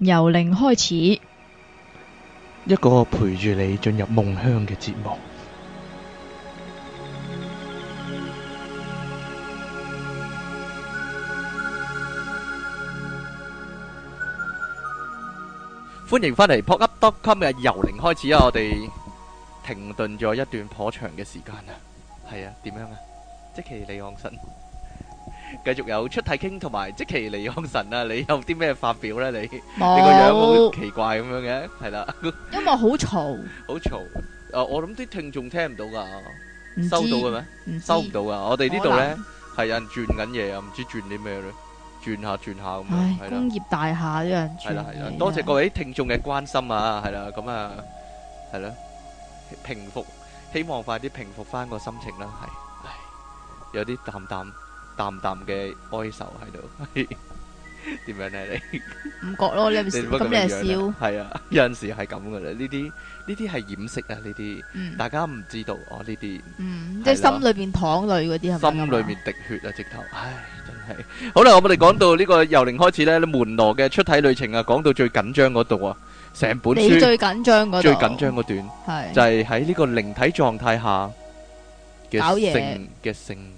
由零開始，一個陪住你進入夢鄉嘅節目。歡迎返嚟，撲吸多吸今日由零開始啊！我哋停頓咗一段頗長嘅時間啊，係啊，點樣啊？即係李昂晨。繼續有出體傾，同埋即其尼康神啊！你有啲咩發表咧？你你個樣好奇怪咁樣嘅係啦，因為好嘈，好嘈。誒，我諗啲聽眾聽唔到噶，收到嘅咩？收唔到噶。我哋呢度咧係有人轉緊嘢啊，唔知轉啲咩咧，轉下轉下咁樣。工業大廈一樣，係啦係啦，多謝各位聽眾嘅關心啊，係啦咁啊，係啦，平復，希望快啲平復翻個心情啦。係，唉，有啲淡淡。淡淡嘅哀愁喺度，係點樣咧？你唔覺咯？你咁你係笑？係啊，有陣時係咁噶啦。呢啲呢啲係掩飾啊，呢啲大家唔知道哦。呢啲嗯，即係心裏邊淌淚嗰啲係嘛？心裏面滴血啊，直頭唉，真係。好啦，我哋講到呢個由零開始咧，門羅嘅出體旅程啊，講到最緊張嗰度啊，成本你最緊張嗰段，最緊張嗰段係就係喺呢個靈體狀態下嘅性嘅性。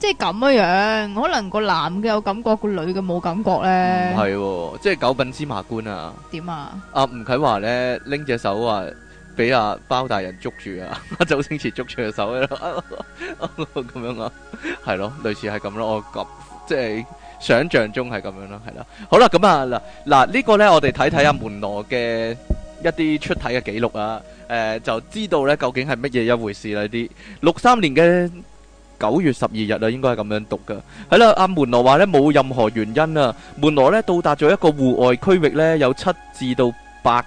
即係咁樣，可能個男嘅有感覺，個女嘅冇感覺咧。唔係，即係九品芝麻官啊？點啊？阿吳啟華咧拎隻手啊，俾阿包大人捉住啊，周星馳捉住隻手啊，咁樣啊，係咯，類似係咁咯，我咁即係想象中係咁樣咯，係啦。好啦，咁啊嗱嗱呢個咧，我哋睇睇阿門羅嘅一啲出體嘅記錄啊，誒，就知道咧究竟係乜嘢一回事啦。啲六三年嘅。九月十二日啊，應該係咁樣讀㗎。係啦，阿、啊、門羅話呢冇任何原因啊。門羅呢到達咗一個戶外區域呢，有七至到八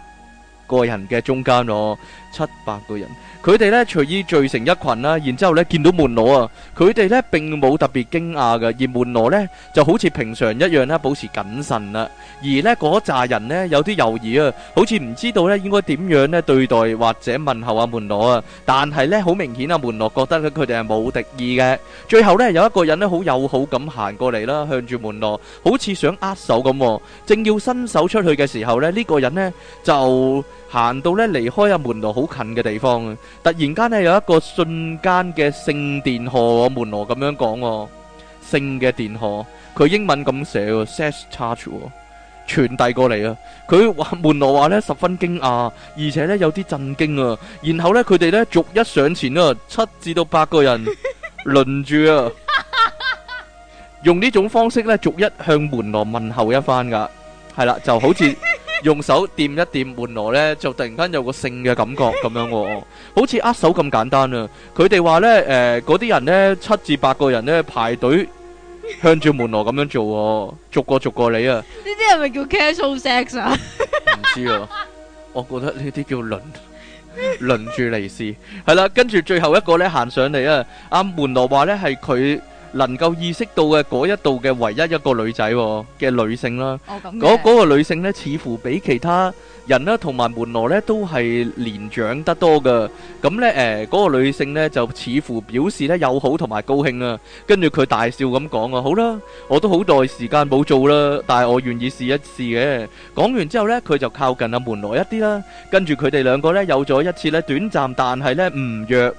個人嘅中間咯、哦，七八個人。佢哋咧隨意聚成一群，啦，然之後咧見到門羅啊，佢哋咧並冇特別驚訝嘅，而門羅咧就好似平常一樣咧保持謹慎啦。而咧嗰扎人咧有啲猶豫，啊，好似唔知道咧應該點樣咧對待或者問候阿門羅啊。但係咧好明顯阿門羅覺得佢哋係冇敵意嘅。最後咧有一個人咧好友好咁行過嚟啦，向住門羅好似想握手咁，正要伸手出去嘅時候咧，呢、呢個人呢就。行到咧離開阿門羅好近嘅地方，突然間咧有一個瞬間嘅聖電荷，門羅咁樣講，聖嘅電荷，佢英文咁寫，Sash charge 傳遞過嚟啊！佢門羅話咧十分驚訝，而且咧有啲震驚啊！然後咧佢哋咧逐一上前啊，七至到八個人輪住啊， 用呢種方式咧逐一向門羅問候一番噶，係啦就好似。 用手掂一掂門羅呢，就突然間有個性嘅感覺咁樣喎，好似握手咁簡單啊！佢哋話呢，誒嗰啲人呢，七至八個人呢排隊向著門羅咁樣做，逐個逐個嚟啊！呢啲係咪叫 casual sex 啊？唔知啊，我覺得呢啲叫輪輪住嚟試，係啦，跟住最後一個呢行上嚟啊！阿門羅話呢係佢。能夠意識到嘅嗰一度嘅唯一一個女仔嘅女性啦，嗰嗰個女性咧，似乎比其他人咧同埋門羅咧都係年長得多嘅。咁咧誒，嗰個女性咧就似乎表示咧友好同埋高興啊。跟住佢大笑咁講啊：好啦，我都好耐時間冇做啦，但係我願意試一試嘅。講完之後咧，佢就靠近阿門羅一啲啦。跟住佢哋兩個咧有咗一次咧短暫但係咧唔弱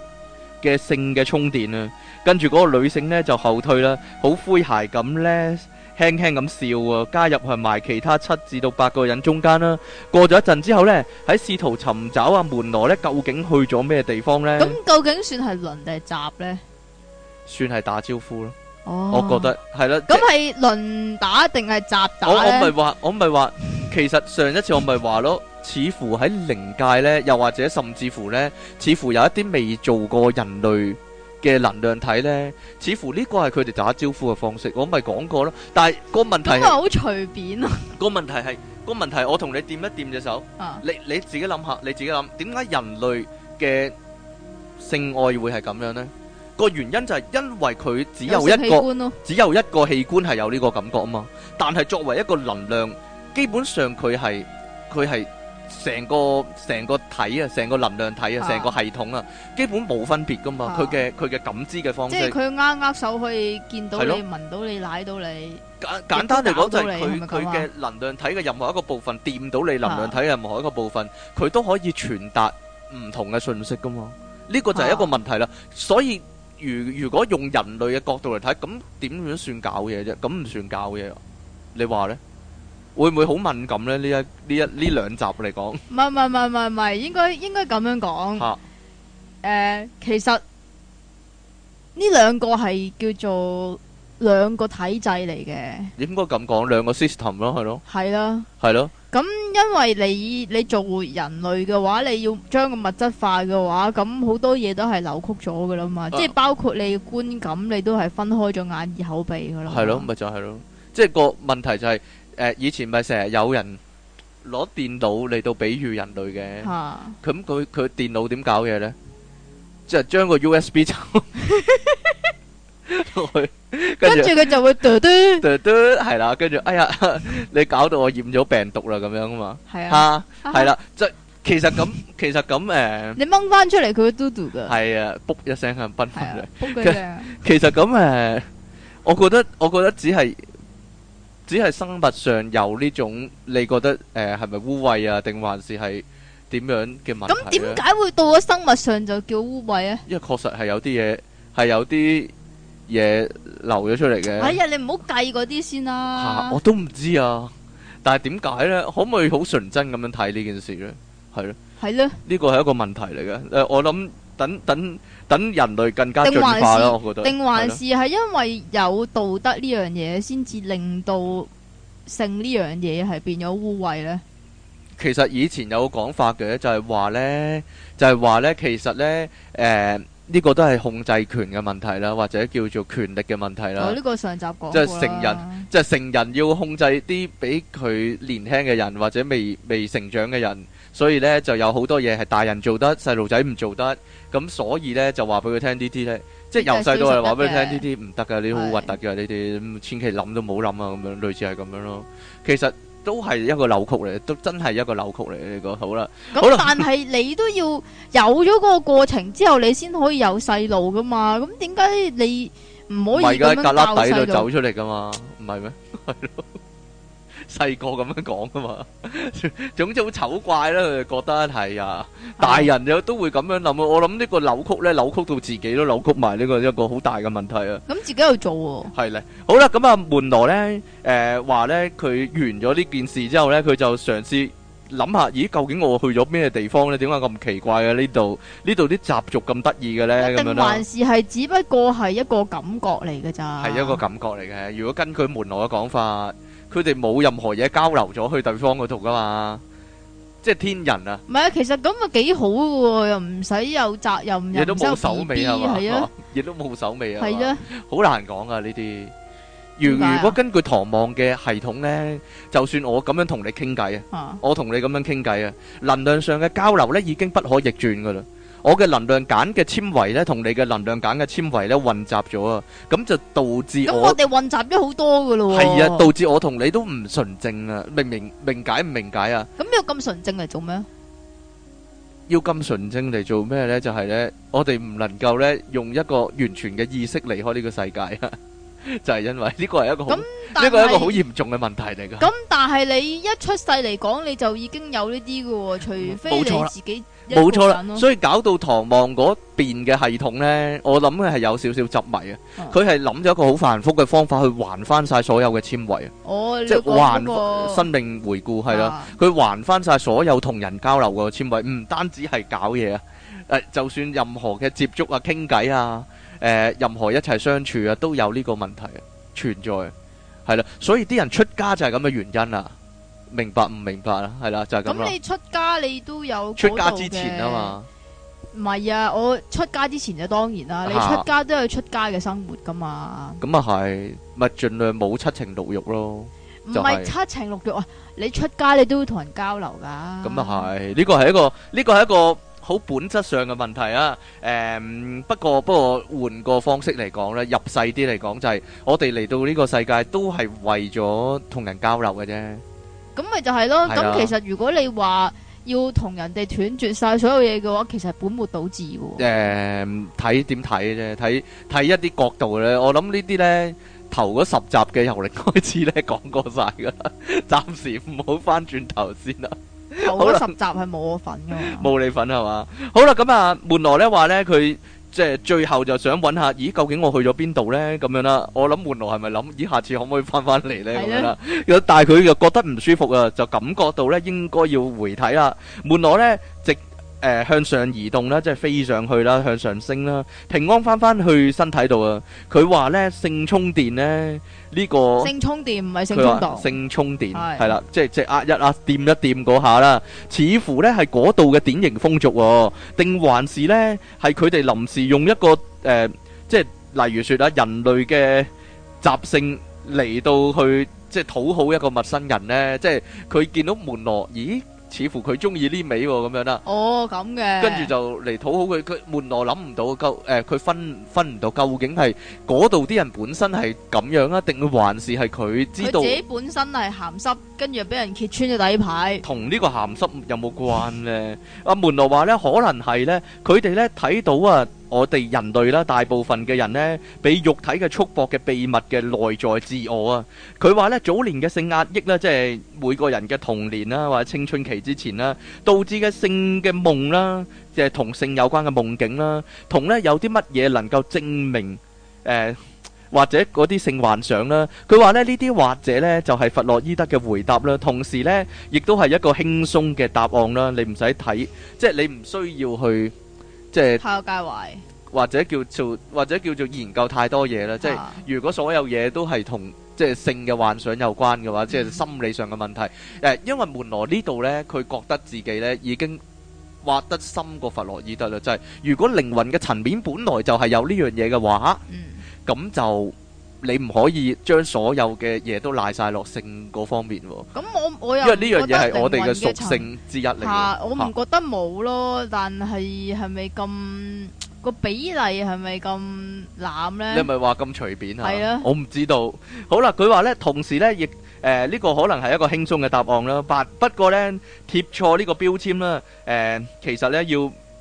嘅性嘅充電啊。跟住嗰個女性呢，就後退啦，好詼諧咁呢，輕輕咁笑啊，加入去埋其他七至到八個人中間啦。過咗一陣之後呢，喺試圖尋找啊門羅呢，究竟去咗咩地方呢？咁究竟算係輪定係雜咧？算係打招呼咯，oh. 我覺得係啦。咁係輪打定係雜打？我咪話，我咪話，其實上一次我咪話咯， 似乎喺靈界呢，又或者甚至乎呢，似乎有一啲未做過人類。嘅能量體呢，似乎呢個係佢哋打招呼嘅方式，我咪講過咯。但係個問題都係好隨便咯。個問題係個問題，我同你掂一掂隻手，你你自己諗下，你自己諗點解人類嘅性愛會係咁樣呢？個原因就係因為佢只有一個，只有一個器官係有呢個感覺啊嘛。但係作為一個能量，基本上佢係佢係。成個成個體啊，成個能量體啊，成個系統啊，基本冇分別噶嘛。佢嘅佢嘅感知嘅方式，即係佢握握手去見到你，聞到你，舐到你。簡簡單嚟講就係佢佢嘅能量體嘅任何一個部分掂到你，能量體嘅任何一個部分，佢都可以傳達唔同嘅信息噶嘛。呢個就係一個問題啦。所以如如果用人類嘅角度嚟睇，咁點樣算搞嘢啫？咁唔算搞嘢，你話呢？會唔會好敏感咧？呢一呢一呢兩集嚟講，唔係唔係唔係唔係，應該應該咁樣講。誒，其實呢兩個係叫做兩個體制嚟嘅。應該咁講，兩個 system 咯，係咯，係啦，係咯。咁因為你你做活人類嘅話，你要將個物質化嘅話，咁好多嘢都係扭曲咗噶啦嘛。即係包括你嘅觀感，你都係分開咗眼耳口鼻噶啦。係咯，咪就係咯。即係個問題就係。誒，以前咪成日有人攞電腦嚟到比喻人類嘅，咁佢佢電腦點搞嘢咧？即係將個 USB 插落去，跟住佢就會嘟嘟嘟嘟，係啦，跟住哎呀，你搞到我染咗病毒啦，咁樣啊嘛，係啊，係啦，即係其實咁，其實咁誒，你掹翻出嚟佢會嘟嘟噶，係啊，卜一聲啊，崩翻嚟，好勁啊！其實咁誒，我覺得我覺得只係。只係生物上有呢種，你覺得誒係咪污穢啊？定還是係點樣嘅問題？咁點解會到咗生物上就叫污穢啊？因為確實係有啲嘢，係有啲嘢流咗出嚟嘅。哎呀，你唔好計嗰啲先啦。啊、我都唔知啊，但係點解呢？可唔可以好純真咁樣睇呢件事呢？係咯，係咯，呢個係一個問題嚟嘅。誒、呃，我諗等等。等等人類更加進化咯，我覺得。定還是係因為有道德呢樣嘢，先至令到性呢樣嘢係變咗污穢呢？其實以前有講法嘅，就係話呢，就係話呢，其實呢，誒，呢個都係控制權嘅問題啦，或者叫做權力嘅問題啦。哦，呢個上集講過。即係成人，即係成人要控制啲比佢年輕嘅人，或者未未成長嘅人。所以咧，就有好多嘢係大人做得，細路仔唔做得。咁所以咧，就話俾佢聽呢啲咧，即係由細到大話俾佢聽呢啲唔得噶，你好核突噶，你哋千祈諗都冇諗啊，咁樣類似係咁樣咯。其實都係一個扭曲嚟，都真係一個扭曲嚟。你講好啦，好，但係你都要有咗嗰個過程之後，你先可以有細路噶嘛。咁點解你唔可以喺旮旯底度走出嚟噶嘛？唔係咩？係咯 細個咁樣講噶嘛，總之好醜怪啦，佢就覺得係啊，大人又都會咁樣諗。我諗呢個扭曲咧，扭曲到自己都扭曲埋呢個一個好大嘅問題啊！咁自己去做係啦，好啦，咁啊門羅咧，誒話咧佢完咗呢件事之後咧，佢就嘗試諗下，咦，究竟我去咗咩地方咧？點解咁奇怪啊呢度？呢度啲習俗咁得意嘅咧？咁樣咯，還是係只不過係一個感覺嚟嘅咋？係一個感覺嚟嘅。如果根據門羅嘅講法。佢哋冇任何嘢交流咗去對方嗰度噶嘛，即係天人啊！唔係啊，其實咁啊幾好噶，又唔使有責任，亦都冇手尾係嘛，亦都冇手尾啊，係啊，好難講啊呢啲。如如果根據唐望嘅系統咧，就算我咁樣同你傾偈啊，我同你咁樣傾偈啊，能量上嘅交流咧已經不可逆轉噶啦。我嘅能量鹼嘅纖維咧，同你嘅能量鹼嘅纖維咧混雜咗啊，咁就導致我，咁我哋混雜咗好多噶咯，係啊，導致我同你都唔純淨啊，明明明解唔明解啊？咁你要咁純淨嚟做咩？要咁純淨嚟做咩咧？就係咧，我哋唔能夠咧用一個完全嘅意識離開呢個世界啊！就係因為呢個係一個好呢個係一個好嚴重嘅問題嚟噶。咁但係你一出世嚟講，你就已經有呢啲噶喎，除非你自己。冇錯啦，所以搞到唐望嗰邊嘅系統呢，我諗佢係有少少執迷啊。佢係諗咗一個好繁複嘅方法去還翻晒所有嘅纖維，即係還、嗰個、生命回顧係啦。佢、啊、還翻晒所有同人交流嘅纖維，唔單止係搞嘢啊、 呃，就算任何嘅接觸啊、傾偈啊、誒，任何一齊相處啊，都有呢個問題存在，係啦。所以啲人出家就係咁嘅原因啦。明白唔明白啊？係啦，就係咁。咁你出家，你都有出家之前啊嘛？唔係啊，我出家之前就當然啦。啊、你出家都有出家嘅生活噶嘛？咁啊係，咪、嗯、盡量冇七、就是、七情六欲咯？唔係七情六欲啊，你出家你都要同人交流噶、啊。咁啊係呢、嗯呢個係一個呢、呢個係一個好本質上嘅問題啊。誒、嗯，不過不過換個方式嚟講咧，入世啲嚟講就係、是、我哋嚟到呢個世界都係為咗同人交流嘅啫。咁咪就係咯，咁的其實如果你話要同人哋斷絕晒所有嘢嘅話，其實本末倒置嘅。誒、呃，睇點睇啫，睇睇一啲角度咧。我諗呢啲咧，頭嗰十集嘅由零開始咧講過晒噶啦，暫時唔好翻轉頭先啦。頭嗰十集係冇我份噶，冇 你份係嘛？好啦，咁啊，門羅咧話咧佢。即係最後就想揾下，咦？究竟我去咗邊度呢？咁樣啦，我諗門羅係咪諗？咦，下次可唔可以翻翻嚟呢？咁、啊、樣啦，但係佢又覺得唔舒服啊，就感覺到呢應該要回睇啦。門羅呢，直。誒，向上移動啦，即係飛上去啦，向上升啦，平安翻翻去身體度啊！佢話咧，性充電咧，呢個性充電唔係性衝動，性充電係啦，即係即係壓一壓、掂一掂嗰下啦，似乎咧係嗰度嘅典型風俗，定還是咧係佢哋臨時用一個誒，即係例如說啊，人類嘅習性嚟，到去即係討好一個陌生人咧，即係佢見到門羅咦？似乎佢中意呢味喎，咁樣啦。哦，咁嘅。哦、跟住就嚟討好佢，佢門羅諗唔到，夠、呃、誒，佢分分唔到究竟係嗰度啲人本身係咁樣啊，定還是係佢知道？佢自己本身係鹹濕。跟住又俾人揭穿咗底牌，同呢個鹹濕有冇關呢？阿門羅話呢，可能係呢，佢哋呢睇到啊，我哋人類啦，大部分嘅人呢，俾肉體嘅束縛嘅秘密嘅內在自我啊。佢話呢，早年嘅性壓抑呢，即係每個人嘅童年啦，或者青春期之前啦，導致嘅性嘅夢啦，即係同性有關嘅夢境啦，同呢有啲乜嘢能夠證明誒？或者嗰啲性幻想啦，佢話咧呢啲或者咧就係弗洛伊德嘅回答啦，同時咧亦都係一個輕鬆嘅答案啦。你唔使睇，即係你唔需要去，即係太介懷，或者叫做或者叫做研究太多嘢啦。即係如果所有嘢都係同即係性嘅幻想有關嘅話，即係心理上嘅問題。誒，因為門羅呢度咧，佢覺得自己咧已經挖得深過弗洛伊德啦，就係如果靈魂嘅層面本來就係有呢樣嘢嘅話。咁就你唔可以將所有嘅嘢都賴晒落性嗰方面喎。咁我我又，因為呢樣嘢係我哋嘅屬性之一嚟嘅。啊。我唔覺得冇咯，但係係咪咁個比例係咪咁濫咧？你咪話咁隨便係啊？我唔知道。好啦，佢話咧，同時咧，亦誒呢個可能係一個輕鬆嘅答案啦。不不過咧貼錯呢個標籤啦。誒、呃，其實咧要。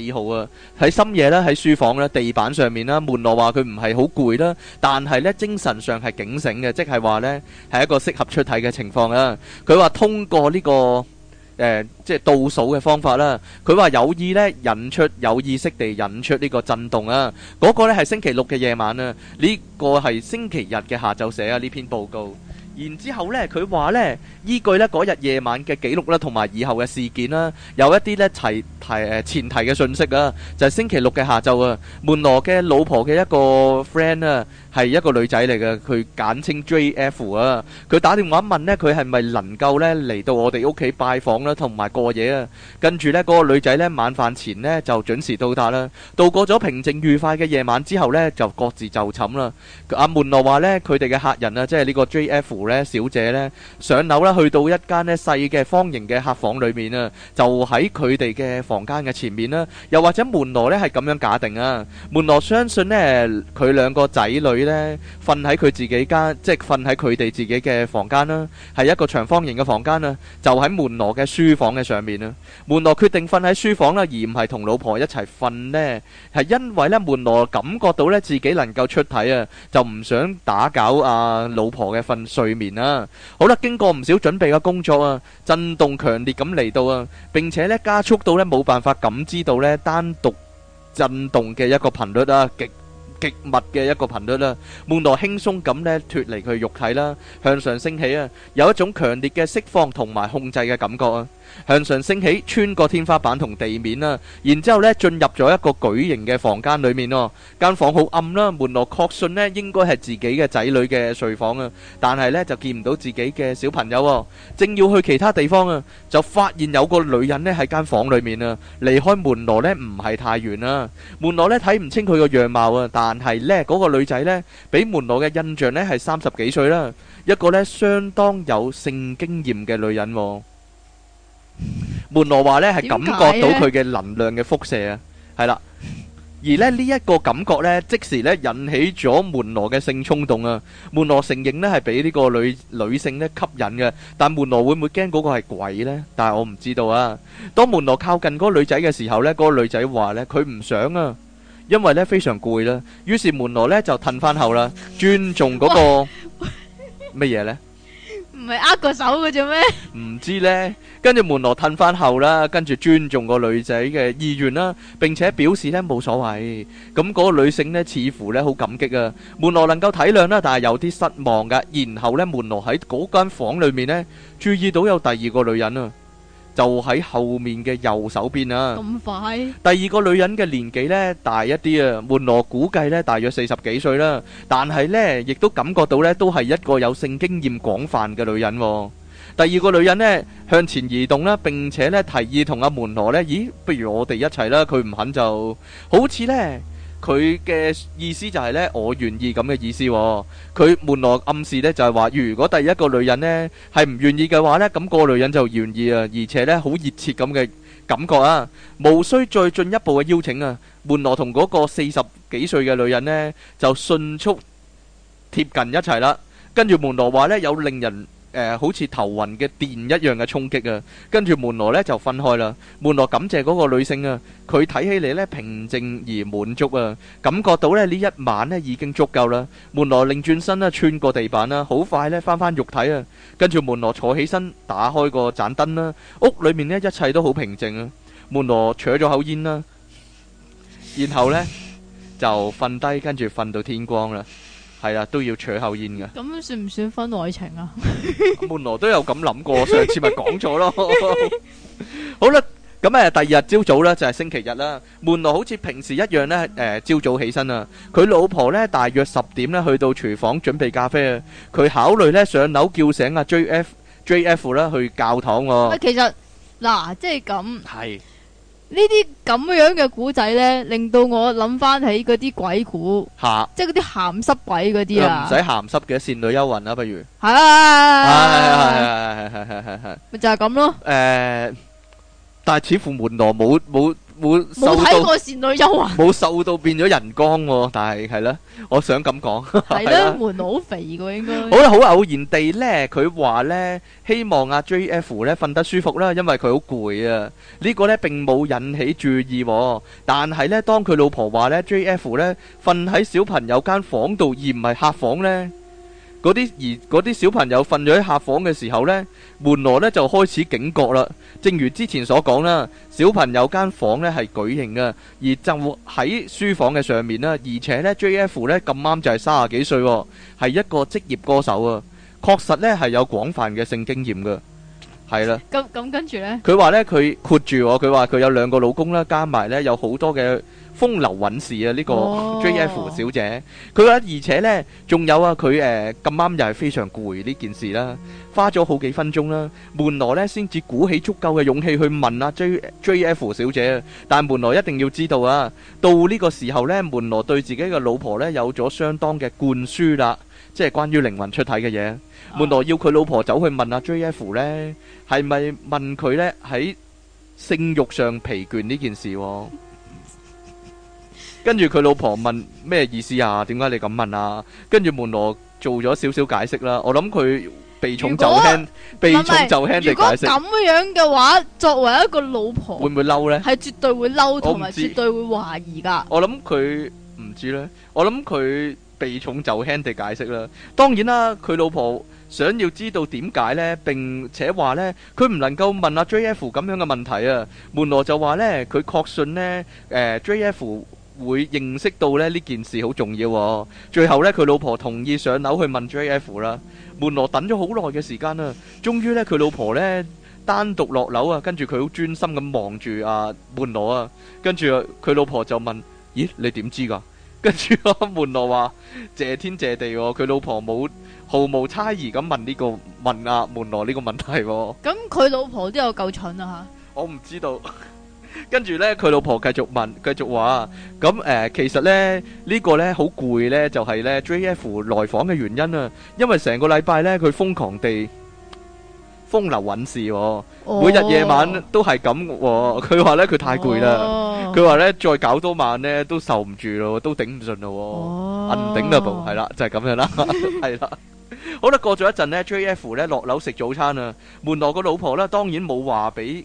四號啊，喺深夜咧，喺書房咧，地板上面啦，門羅話佢唔係好攰啦，但係咧精神上係警醒嘅，即係話咧係一個適合出體嘅情況啊。佢話通過呢個誒，即係倒數嘅方法啦。佢話有意咧引出，有意識地引出呢個震動啊。嗰個咧係星期六嘅夜晚啊，呢個係星期日嘅下晝寫啊呢篇報告。然之後呢，佢話呢，依據呢嗰日夜晚嘅記錄啦，同埋以後嘅事件啦、啊，有一啲呢提提前提嘅信息啊，就係、是、星期六嘅下晝啊，門羅嘅老婆嘅一個 friend 啊。係一個女仔嚟嘅，佢簡稱 JF 啊！佢打電話問咧，佢係咪能夠咧嚟到我哋屋企拜訪啦，同埋過夜啊？跟住咧，嗰個女仔咧晚飯前咧就準時到達啦。度過咗平靜愉快嘅夜晚之後咧，就各自就寢啦。阿門羅話咧，佢哋嘅客人啊，即係呢個 JF 咧小姐咧，上樓咧，去到一間咧細嘅方形嘅客房裏面啊，就喺佢哋嘅房間嘅前面啦。又或者門羅咧係咁樣假定啊，門羅相信咧佢兩個仔女，咧瞓喺佢自己間，即係瞓喺佢哋自己嘅房間啦。係一個長方形嘅房間啦，就喺門羅嘅書房嘅上面啦。門羅決定瞓喺書房啦，而唔係同老婆一齊瞓咧，係因為咧門羅感覺到咧自己能夠出體啊，就唔想打攪啊老婆嘅瞓睡眠啦。好啦，經過唔少準備嘅工作啊，震動強烈咁嚟到啊，並且咧加速到咧冇辦法感知到咧單獨震動嘅一個頻率啊，極。極密嘅一個頻率啦，門羅輕鬆咁咧脫離佢肉體啦，向上升起啊，有一種強烈嘅釋放同埋控制嘅感覺啊，向上升起，穿過天花板同地面啊，然之後咧進入咗一個矩形嘅房間裏面咯，間房好暗啦，門羅確信咧應該係自己嘅仔女嘅睡房啊，但係咧就見唔到自己嘅小朋友啊，正要去其他地方啊，就發現有個女人咧喺間房裏面啊，離開門羅咧唔係太遠啊，門羅咧睇唔清佢個樣貌啊，但但係呢嗰、嗰個女仔呢，俾門羅嘅印象呢係三十幾歲啦，一個呢相當有性經驗嘅女人，啊。門羅話呢係感覺到佢嘅能量嘅輻射啊，係啦。而咧呢一、呢個感覺呢，即時呢引起咗門羅嘅性衝動啊。門羅承認呢係俾呢個女女性咧吸引嘅，但門羅會唔會驚嗰個係鬼呢？但係我唔知道啊。當門羅靠近嗰個女仔嘅時候呢，嗰、嗰個女仔話呢，佢唔想啊。因為咧非常攰啦，於是門羅咧就褪翻後啦， 尊重嗰、嗰個乜嘢 呢？唔係握個手嘅啫咩？唔知呢。跟住門羅褪翻後啦，跟住尊重個女仔嘅意願啦，並且表示呢冇所謂。咁、那、嗰個女性呢，似乎呢好感激啊，門羅能夠體諒啦，但係有啲失望噶。然後呢，門羅喺嗰間房裏面呢，注意到有第二個女人啊。就喺後面嘅右手邊啊！咁快，第二個女人嘅年紀呢大一啲啊，門羅估計呢大約四十幾歲啦，但係呢亦都感覺到呢都係一個有性經驗廣泛嘅女人啊。第二個女人呢向前移動啦，並且呢提議同阿門羅呢：「咦，不如我哋一齊啦，佢唔肯就好似呢。」佢嘅意思就係呢，我願意咁嘅意思，哦。佢門羅暗示呢，就係話，如果第一個女人呢，係唔願意嘅話呢，咁個女人就願意啊，而且呢，好熱切咁嘅感覺啊，無需再進一步嘅邀請啊。門羅同嗰個四十幾歲嘅女人呢，就迅速貼近一齊啦。跟住門羅話呢，有令人。誒、呃，好似頭暈嘅電一樣嘅衝擊啊！跟住門羅呢就分開啦。門羅感謝嗰個女性啊，佢睇起嚟呢平靜而滿足啊，感覺到咧呢一晚呢已經足夠啦。門羅擰轉身啦，穿過地板啦、啊，好快呢翻翻肉體啊！跟住門羅坐起身，打開個盞燈啦、啊。屋裏面呢一切都好平靜啊。門羅扯咗口煙啦、啊，然後呢就瞓低，跟住瞓到天光啦。係啦，都要取口煙嘅。咁算唔算婚外情啊？門羅都有咁諗過，上次咪講咗咯。好啦，咁啊，第二日朝早咧就係星期日啦。門羅好似平時一樣咧，誒，朝早起身啊。佢老婆咧大約十點咧去到廚房準備咖啡啊。佢考慮咧上樓叫醒阿 J F J F 咧去教堂。我其實嗱，即係咁係。這這呢啲咁樣嘅古仔咧，令到我諗翻起嗰啲鬼故，哈即係嗰啲鹹濕鬼嗰啲啊！唔使鹹濕嘅《倩女幽魂、啊》啦，不如係係係係係係係咪就係咁咯？誒、呃，但係似乎門羅冇冇。冇睇過倩女幽魂，啊，冇瘦到變咗人乾，啊，但係係啦，我想咁講，係啦 了，門羅肥 好肥噶應該。好啦，好偶然地呢，佢話呢，希望阿、啊、J F 呢瞓得舒服啦，因為佢好攰啊。呢、這個呢並冇引起注意，啊，但係呢，當佢老婆話呢 J F 呢瞓喺小朋友間房度，而唔係客房呢。嗰啲而嗰啲小朋友瞓咗喺客房嘅時候咧，門羅咧就開始警覺啦。正如之前所講啦，小朋友間房咧係矩形嘅，而就喺書房嘅上面啦。而且咧，JF 咧咁啱就係三十幾歲喎，係一個職業歌手啊，確實咧係有廣泛嘅性經驗噶，係啦。咁咁跟住咧，佢話咧佢括住我，佢話佢有兩個老公啦，加埋咧有好多嘅。風流韻事啊！呢、這個 J F 小姐，佢話、oh.，而且呢，仲有啊，佢誒咁啱又係非常攰呢件事啦、啊，花咗好幾分鐘啦。門羅呢，先至鼓起足夠嘅勇氣去問啊 J J F 小姐，但係門羅一定要知道啊，到呢個時候呢，門羅對自己嘅老婆呢有咗相當嘅灌輸啦，即係關於靈魂出體嘅嘢。Oh. 門羅要佢老婆走去問啊 J F 呢，係咪問佢呢喺性欲上疲倦呢件事、啊？跟住佢老婆問咩意思啊？點解你咁問啊？跟住門羅做咗少少解釋啦。我諗佢避重就輕、避重就輕地解釋。如果咁樣嘅話，作為一個老婆，會唔會嬲咧？係絕對會嬲同埋絕對會懷疑噶。我諗佢唔知咧。我諗佢避重就輕地解釋啦。當然啦，佢老婆想要知道點解咧，並且話咧，佢唔能夠問阿 JF 咁樣嘅問題啊。門羅就話咧，佢確信咧，誒 JF。會認識到咧呢件事好重要。最後咧，佢老婆同意上樓去問 JF 啦。門羅等咗好耐嘅時間啦，終於咧佢老婆咧單獨落樓啊，跟住佢好專心咁望住阿門羅啊，跟住佢老婆就問：咦，你點知噶？跟住阿門羅話：謝天謝地，佢老婆冇毫無猜疑，咁問呢個問阿門羅呢個問題。咁佢老婆都有夠蠢啊！吓，我唔知道。跟住呢，佢老婆繼續問，繼續話：咁誒、呃，其實呢，呢、這個呢，好攰呢，就係、是、呢。J F 來訪嘅原因啊。因為成個禮拜呢，佢瘋狂地風流韻事、哦，每日夜晚都係咁、哦。佢話呢，佢太攰啦，佢話、哦、呢，再搞多晚呢，都受唔住咯，都頂唔順咯，唔頂得到，係啦，就係、是、咁樣啦，係啦。 好啦，過咗一陣呢 J F 呢落樓食早餐啦。門羅個老婆呢，當然冇話俾。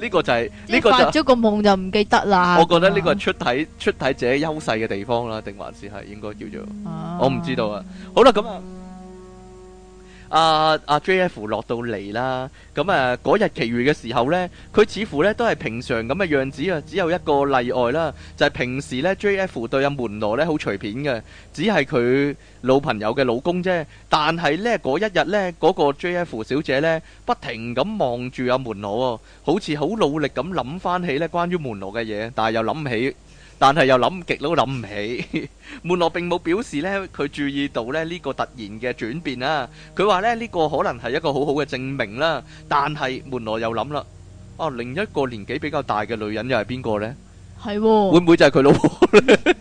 呢個就係、是、呢是個發咗、是、個夢就唔記得啦。我覺得呢個係出體、啊、出體者優勢嘅地方啦，定還是係應該叫做、啊、我唔知道啊。好啦，咁啊、嗯。嗯。阿阿、啊啊、J.F. 落到嚟啦，咁、嗯、啊嗰日其餘嘅時候呢，佢似乎呢都係平常咁嘅樣，樣子啊，只有一個例外啦，就係、是、平時呢 J.F. 對阿、啊、門羅呢好隨便嘅，只係佢老朋友嘅老公啫。但係呢嗰一日呢，嗰、那個 J.F. 小姐呢不停咁望住阿門羅喎，好似好努力咁諗翻起呢關於門羅嘅嘢，但係又諗唔起。但係又諗極都諗唔起，門羅並冇表示咧，佢注意到咧呢個突然嘅轉變啦。佢話咧呢個可能係一個好好嘅證明啦。但係門羅又諗啦，啊另一個年紀比較大嘅女人又係邊個咧？係會唔會就係佢老婆咧？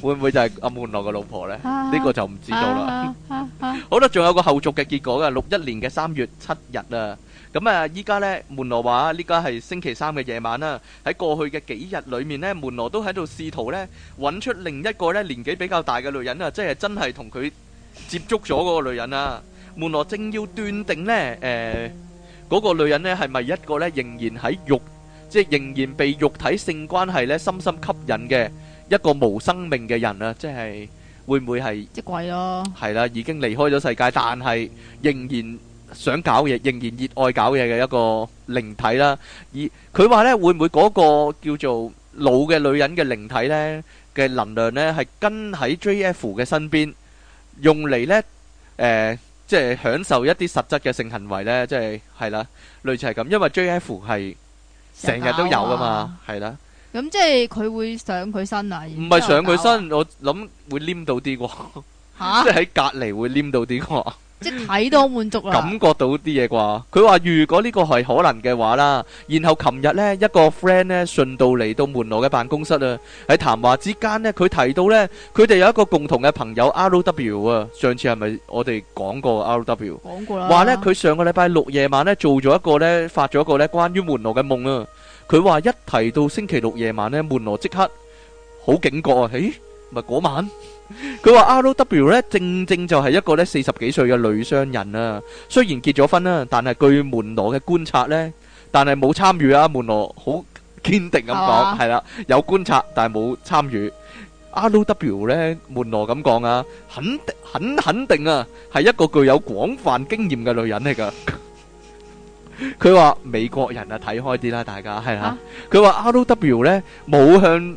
會唔會就係阿門羅嘅老婆咧？呢個就唔知道啦。好啦，仲有個後續嘅結果㗎，六一年嘅三月七日啊。咁啊！依家咧，門羅話：呢家係星期三嘅夜晚啦。喺過去嘅幾日裏面咧，門羅都喺度試圖咧揾出另一個咧年紀比較大嘅女人啦，即係真係同佢接觸咗嗰個女人啦。門羅正要斷定咧，誒嗰個女人咧係咪一個咧仍然喺肉，即係仍然被肉體性關係咧深深吸引嘅一個無生命嘅人啊！即係會唔會係隻鬼咯？係啦，已經離開咗世界，但係仍然。想搞嘢，仍然熱愛搞嘢嘅一個靈體啦。而佢話呢，會唔會嗰個叫做老嘅女人嘅靈體呢嘅能量呢，係跟喺 JF 嘅身邊，用嚟呢誒，即係享受一啲實質嘅性行為呢，即係係啦，類似係咁。因為 JF 係成日都有㗎嘛，係啦。咁即係佢會上佢身啊？唔係上佢身，我諗會黏到啲喎。嚇！即係喺隔離會黏到啲喎。即係睇到滿足啦，感覺到啲嘢啩。佢話如果呢個係可能嘅話啦，然後琴日咧一個 friend 咧順道嚟到門羅嘅辦公室啊，喺談話之間咧，佢提到咧，佢哋有一個共同嘅朋友 R O W 啊。上次係咪我哋講過 R O W？講過啦。話咧佢上個禮拜六夜晚咧做咗一個咧發咗一個咧關於門羅嘅夢啊。佢話一提到星期六夜晚咧，門羅即刻好警覺啊。咦，咪嗰晚？佢話 R W 咧正正就係一個咧四十幾歲嘅女商人啊，雖然結咗婚啦，但係據門羅嘅觀察咧，但係冇參與啊。門羅好堅定咁講，係啦，有觀察但係冇參與。R W 咧，門羅咁講啊，肯定很肯定啊，係一個具有廣泛經驗嘅女人嚟噶。佢話美國人啊睇開啲啦，大家啊係啊，佢話 R W 咧冇向。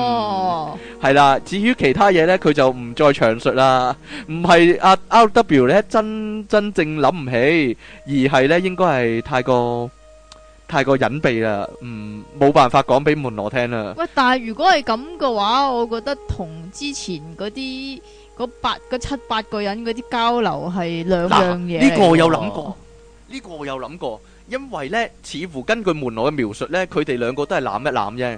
係啦，至於其他嘢咧，佢就唔再詳述啦。唔係阿 RW 咧真真正諗唔起，而係咧應該係太過太過隱蔽啦，嗯，冇辦法講俾門羅聽啦。喂，但係如果係咁嘅話，我覺得同之前嗰啲嗰八嗰七八個人嗰啲交流係兩樣嘢。呢個我有諗過，呢個我有諗過，因為咧似乎根據門羅嘅描述咧，佢哋兩個都係攬一攬啫。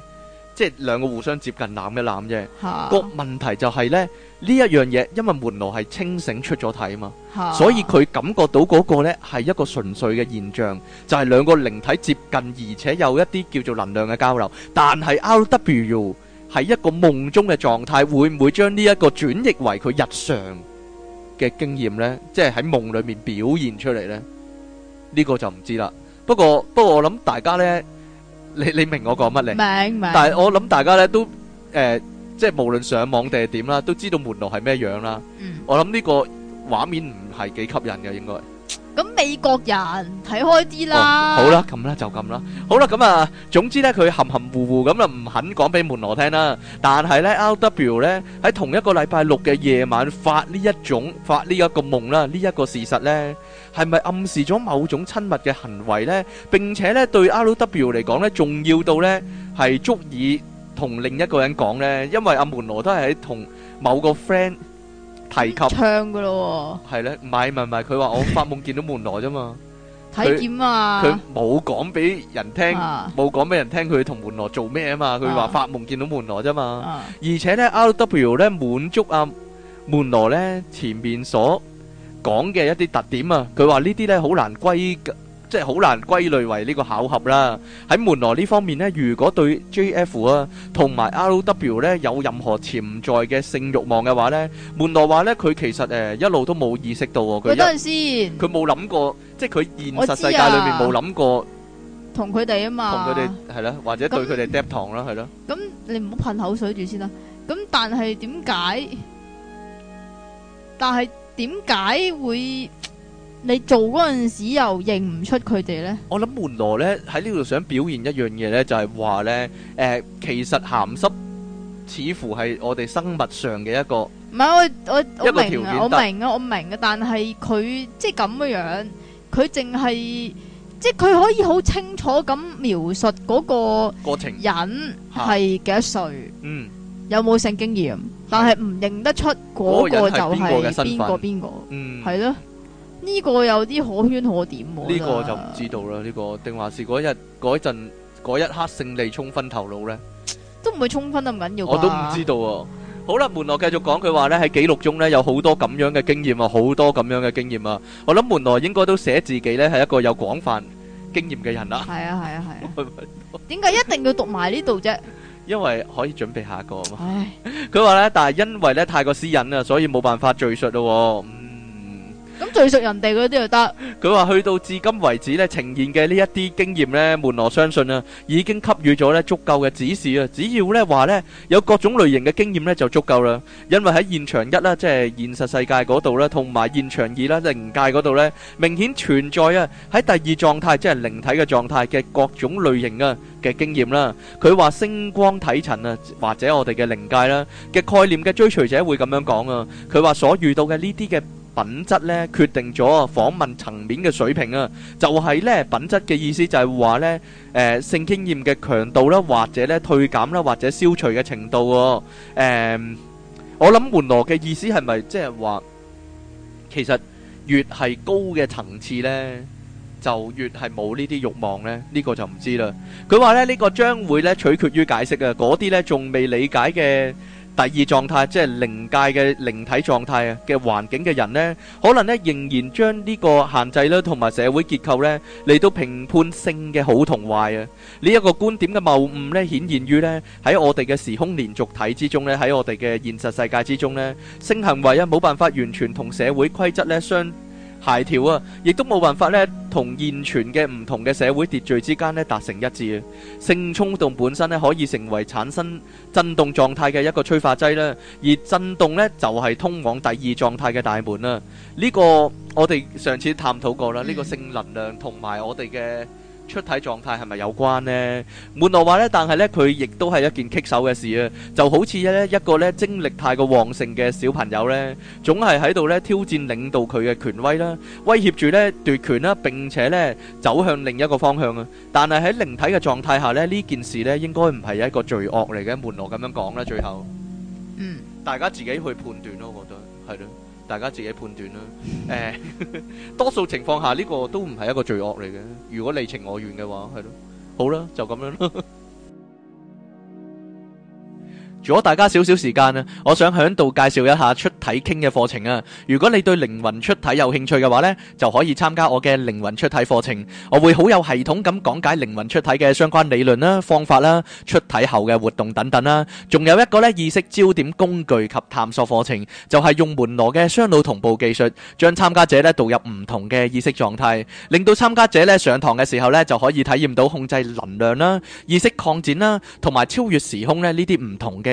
即係兩個互相接近攬一攬啫，個問題就係咧呢一樣嘢，因為門羅係清醒出咗體啊嘛，所以佢感覺到嗰個咧係一個純粹嘅現象，就係兩個靈體接近，而且有一啲叫做能量嘅交流。但係 RW 喺一個夢中嘅狀態，會唔會將呢一個轉譯為佢日常嘅經驗咧？即係喺夢裏面表現出嚟咧？呢個就唔知啦。不過不過我諗大家咧。你你明我講乜咧？明明，但係我諗大家咧都誒，即係無論上網定係點啦，都知道門羅係咩樣啦。我諗呢個畫面唔係幾吸引嘅，應該。咁美國人睇開啲啦。好啦，咁啦就咁啦。好啦，咁啊，總之呢佢含含糊糊咁啊，唔肯講俾門羅聽啦。但係呢，LW 呢喺同一個禮拜六嘅夜晚發呢一種發呢一個夢啦，呢一個事實呢，係咪暗示咗某種親密嘅行為呢？並且呢對 R.W. 嚟講呢重要到呢係足以同另一個人講呢？因為阿門羅都係喺同某個 friend 提及，唱噶咯喎。係呢，唔係唔係，佢話我發夢見到門羅啫嘛。體檢啊！佢冇講俾人聽，冇講俾人聽佢同門羅做咩啊嘛。佢話發夢見到門羅啫嘛。而且呢，R.W. 呢滿足阿門羅呢前面所講嘅一啲特點啊，佢話呢啲咧好難歸，即係好難歸類為呢個巧合啦。喺門羅呢方面咧，如果對 JF 啊同埋 R.W 咧有任何潛在嘅性慾望嘅話咧，門羅話咧佢其實誒，一路都冇意識到佢嗰陣時，佢冇諗過，即係佢現實世界裏面冇諗過同佢哋啊嘛，同佢哋係啦，或者對佢哋釘堂啦，係咯。咁你唔好噴口水住先啦。咁但係點解？但係。點解會你做嗰陣時又認唔出佢哋呢？我諗門羅呢喺呢度想表現一樣嘢呢，就係話呢，誒，其實鹹濕似乎係我哋生物上嘅一個唔係，我我明啊，我明啊，我明啊，但係佢即係咁嘅樣，佢淨係即係佢可以好清楚咁描述嗰個人係幾多歲嗯。有冇性經驗？但係唔認得出嗰個就係邊個邊個，係咯？呢個有啲可圈可點。呢個就唔知道啦。呢個定還是嗰日嗰陣嗰一刻勝利沖昏頭腦咧？都唔會沖昏啊，唔緊要。我都唔知道。好啦，門羅繼續講，佢話咧，喺記錄中咧有好多咁樣嘅經驗啊，好多咁樣嘅經驗啊。我諗門羅應該都寫自己咧係一個有廣泛經驗嘅人啦。係啊係啊係啊。點解一定要讀埋呢度啫？因為可以準備下一個嘛，佢話咧，但係因為咧太過私隱啦，所以冇辦法敘述咯。咁最熟人哋嗰啲就得。佢話去到至今為止咧呈現嘅呢一啲經驗咧，門羅相信啊，已經給予咗咧足夠嘅指示啊。只要咧話咧有各種類型嘅經驗咧就足夠啦。因為喺現場一啦，即係現實世界嗰度啦，同埋現場二啦靈界嗰度咧，明顯存在啊喺第二狀態即係靈體嘅狀態嘅各種類型啊嘅經驗啦。佢話星光體層啊，或者我哋嘅靈界啦嘅概念嘅追隨者會咁樣講啊。佢話所遇到嘅呢啲嘅。品質咧決定咗訪問層面嘅水平啊，就係咧品質嘅意思就係話咧，誒性經驗嘅強度啦，或者咧退減啦，或者消除嘅程度喎，誒我諗門羅嘅意思係咪即係話其實越係高嘅層次咧，就越係冇呢啲慾望咧？呢個就唔知啦。佢話咧呢個將會咧取決於解釋啊，嗰啲咧仲未理解嘅。第二狀態即係靈界嘅靈體狀態嘅環境嘅人呢，可能咧仍然將呢個限制咧同埋社會結構呢嚟到評判性嘅好同壞啊！呢、這、一個觀點嘅謬誤呢，顯現於呢喺我哋嘅時空連續體之中呢，喺我哋嘅現實世界之中呢，性行為啊冇辦法完全同社會規則呢相。協調啊，亦都冇辦法咧，同現存嘅唔同嘅社會秩序之間咧達成一致。性衝動本身咧可以成為產生震動狀態嘅一個催化劑啦，而震動咧就係通往第二狀態嘅大門啦。呢個我哋上次探討過啦，呢個性能量同埋我哋嘅。嗯出體狀態係咪有關咧？門羅話咧，但係咧佢亦都係一件棘手嘅事啊！就好似咧一個咧精力太過旺盛嘅小朋友咧，總係喺度咧挑戰領導佢嘅權威啦，威脅住咧奪權啦，並且咧走向另一個方向啊！但係喺靈體嘅狀態下咧，呢件事咧應該唔係一個罪惡嚟嘅。門羅咁樣講啦，最後，嗯，大家自己去判斷咯，我覺得係咯。大家自己判斷啦，誒，多數情況下呢個都唔係一個罪惡嚟嘅，如果你情我願嘅話，係咯，好啦，就咁樣咯。如果大家少少時間啊，我想響度介紹一下出體傾嘅課程啊！如果你對靈魂出體有興趣嘅話咧，就可以參加我嘅靈魂出體課程。我會好有系統咁講解靈魂出體嘅相關理論啦、方法啦、出體後嘅活動等等啦。仲有一個咧意識焦點工具及探索課程，就係用門羅嘅雙腦同步技術，將參加者咧導入唔同嘅意識狀態，令到參加者咧上堂嘅時候咧就可以體驗到控制能量啦、意識擴展啦，同埋超越時空咧呢啲唔同嘅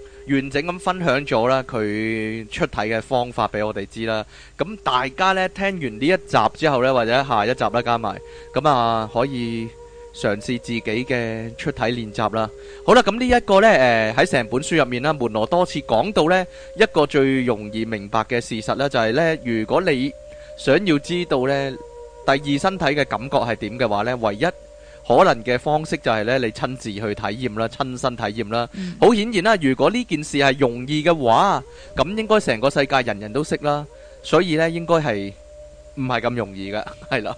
完整咁分享咗啦，佢出體嘅方法俾我哋知啦，咁大家咧聽完呢一集之後咧，或者下一集啦加埋，咁啊可以嘗試自己嘅出體練習啦。好啦，咁呢一個咧誒喺成本書入面呢，門羅多次講到咧一個最容易明白嘅事實咧就係咧，如果你想要知道咧第二身體嘅感覺係點嘅話咧，唯一。可能嘅方式就係咧，你親自去體驗啦，親身體驗啦。好顯、嗯、然啦、啊，如果呢件事係容易嘅話，咁應該成個世界人人都識啦。所以呢，應該係唔係咁容易嘅，係啦，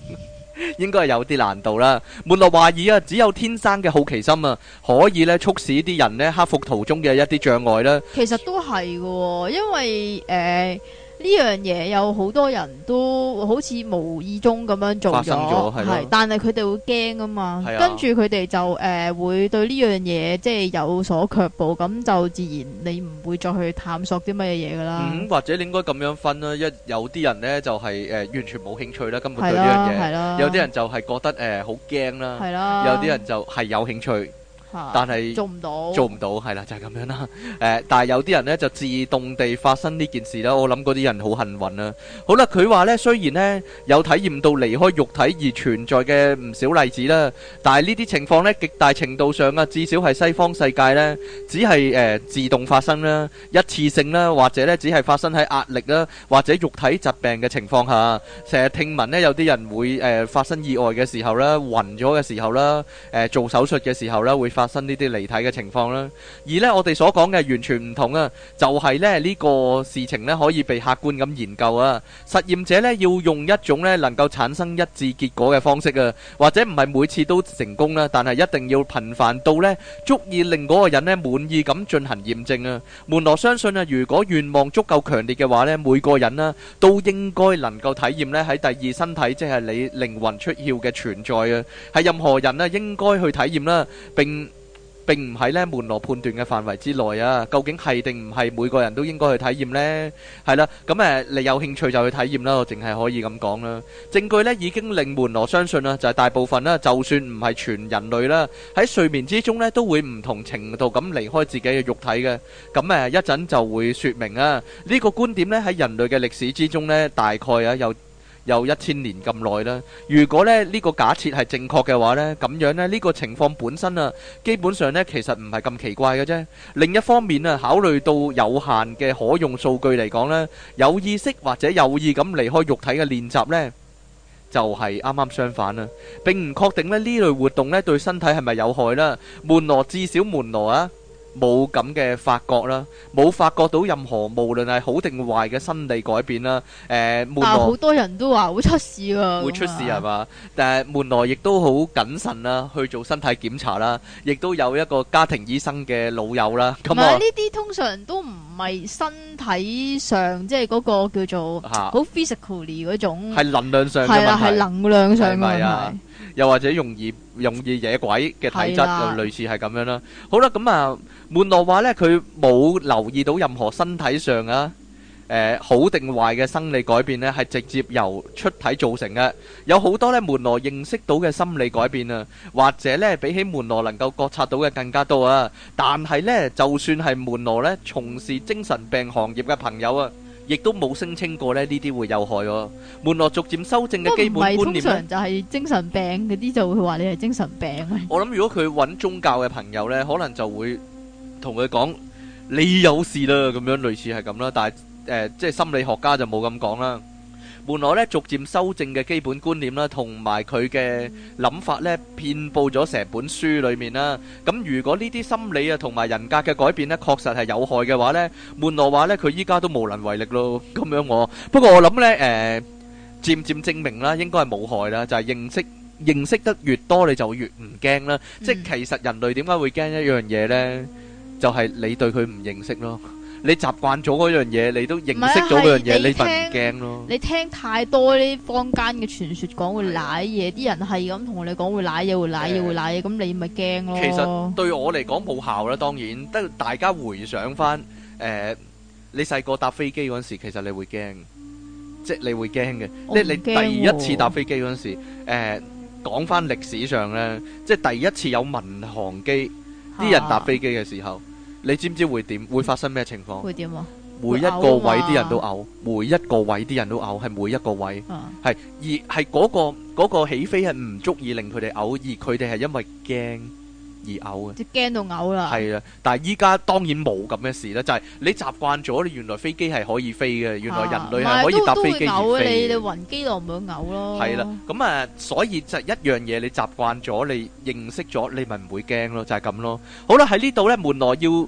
應該係有啲難度啦。門羅話喎啊，只有天生嘅好奇心啊，可以咧促使啲人咧克服途中嘅一啲障礙啦。其實都係嘅、哦，因為誒。呃呢樣嘢有好多人都好似無意中咁樣做咗，係，但係佢哋會驚㗎嘛，的跟住佢哋就誒、呃、會對呢樣嘢即係有所卻步，咁就自然你唔會再去探索啲乜嘢嘢噶啦。嗯，或者你應該咁樣分啦，一有啲人呢就係、是、誒、呃、完全冇興趣啦，根本對呢樣嘢；有啲人就係覺得誒好驚啦，呃、的有啲人就係有興趣。但係做唔到，做唔到，係啦，就係咁樣啦。誒，但係有啲人咧就自動地發生呢件事啦。我諗嗰啲人好幸運呀。好啦，佢話咧，雖然咧有體驗到離開肉體而存在嘅唔少例子啦，但係呢啲情況咧極大程度上啊，至少係西方世界咧，只係誒自動發生啦，一次性啦，或者咧只係發生喺壓力啦，或者肉體疾病嘅情況下。成日聽聞咧有啲人會誒發生意外嘅時候啦，暈咗嘅時候啦，誒做手術嘅時候咧會發。發生呢啲離體嘅情況啦，而呢我哋所講嘅完全唔同啊，就係呢呢個事情呢可以被客觀咁研究啊。實驗者呢要用一種呢能夠產生一致結果嘅方式啊，或者唔係每次都成功啦，但係一定要頻繁到呢足以令嗰個人呢滿意咁進行驗證啊。門羅相信啊，如果願望足夠強烈嘅話呢，每個人呢都應該能夠體驗呢喺第二身體，即係你靈魂出竅嘅存在啊。係任何人呢，應該去體驗啦，並。並唔喺咧門羅判斷嘅範圍之內啊！究竟係定唔係每個人都應該去體驗咧？係啦，咁誒，你有興趣就去體驗啦。我淨係可以咁講啦。證據咧已經令門羅相信啦，就係大部分啦，就算唔係全人類啦，喺睡眠之中咧都會唔同程度咁離開自己嘅肉體嘅。咁誒一陣就會説明啊。呢個觀點咧喺人類嘅歷史之中咧大概啊有。有一千年咁耐啦。如果咧呢個假設係正確嘅話呢，咁樣呢，呢個情況本身啊，基本上呢，其實唔係咁奇怪嘅啫。另一方面啊，考慮到有限嘅可用數據嚟講呢，有意識或者有意咁離開肉體嘅練習呢，就係啱啱相反啦，並唔確定咧呢類活動呢對身體係咪有害啦。門羅至少門羅啊。冇咁嘅發覺啦，冇發覺到任何無論係好定壞嘅生理改變啦。誒、呃、門羅好多人都話會出事㗎，會出事係嘛？但係門羅亦都好謹慎啦，去做身體檢查啦，亦都有一個家庭醫生嘅老友啦。咁啊，呢啲通常都唔係身體上即係嗰個叫做好 physically 嗰種，係能量上，係啊，係能量上問題。係咪？又或者容易容易惹鬼嘅體質，類似係咁樣啦。好啦，咁啊，門羅話咧，佢冇留意到任何身體上啊，誒好定壞嘅生理改變咧，係直接由出體造成嘅。有好多咧，門羅認識到嘅心理改變啊，或者咧，比起門羅能夠覺察到嘅更加多啊。但係咧，就算係門羅咧，從事精神病行業嘅朋友啊。亦都冇聲稱過咧，呢啲會有害哦。門羅逐漸修正嘅基本觀念，就係精神病嗰啲就會話你係精神病。我諗如果佢揾宗教嘅朋友呢，可能就會同佢講，你有事啦，咁樣類似係咁啦。但係誒、呃，即係心理學家就冇咁講啦。門羅咧逐漸修正嘅基本觀念啦，同埋佢嘅諗法咧，遍布咗成本書裏面啦。咁如果呢啲心理啊同埋人格嘅改變咧，確實係有害嘅話咧，門羅話咧，佢依家都無能為力咯。咁樣我不過我諗咧，誒、漸、呃、漸漸證明啦，應該係冇害啦，就係、是、認識認識得越多，你就越唔驚啦。嗯、即係其實人類點解會驚一樣嘢咧？就係你對佢唔認識咯， 你習慣咗嗰樣嘢，你都認識咗嗰樣嘢，啊、你咪唔驚咯。你聽太多呢坊間嘅傳説，講的會舐嘢，啲人係咁同你講會舐嘢，會舐嘢的，會舐嘢，咁、呃、你咪驚咯。其實對我嚟講冇效啦，當然，得大家回想翻，誒、呃，你細個搭飛機嗰時，其實你會驚，即係你會驚嘅。你你第一次搭飛機嗰時，誒、呃，講翻歷史上咧，即係第一次有民航機，啲人，人搭飛機嘅時候。啊啊你知唔知會點？會發生咩情況？會點啊！每一個位啲人都嘔，嘔每一個位啲人都嘔，係每一個位，係、嗯、而係嗰、嗰個嗰個起飛係唔足以令佢哋嘔，而佢哋係因為驚。而嘔嘅，驚到嘔啦！係啊，但係依家當然冇咁嘅事啦，就係、是、你習慣咗，你原來飛機係可以飛嘅，原來人類係可以搭飛機而飛啊！啊啊啊啊而你你，你，你暈機到唔會嘔咯？係啦的，咁啊，啊所以就一樣嘢，你習慣咗，你認識咗，你咪唔會驚咯，就係、是、咁咯。好啦，喺呢度咧，門羅要。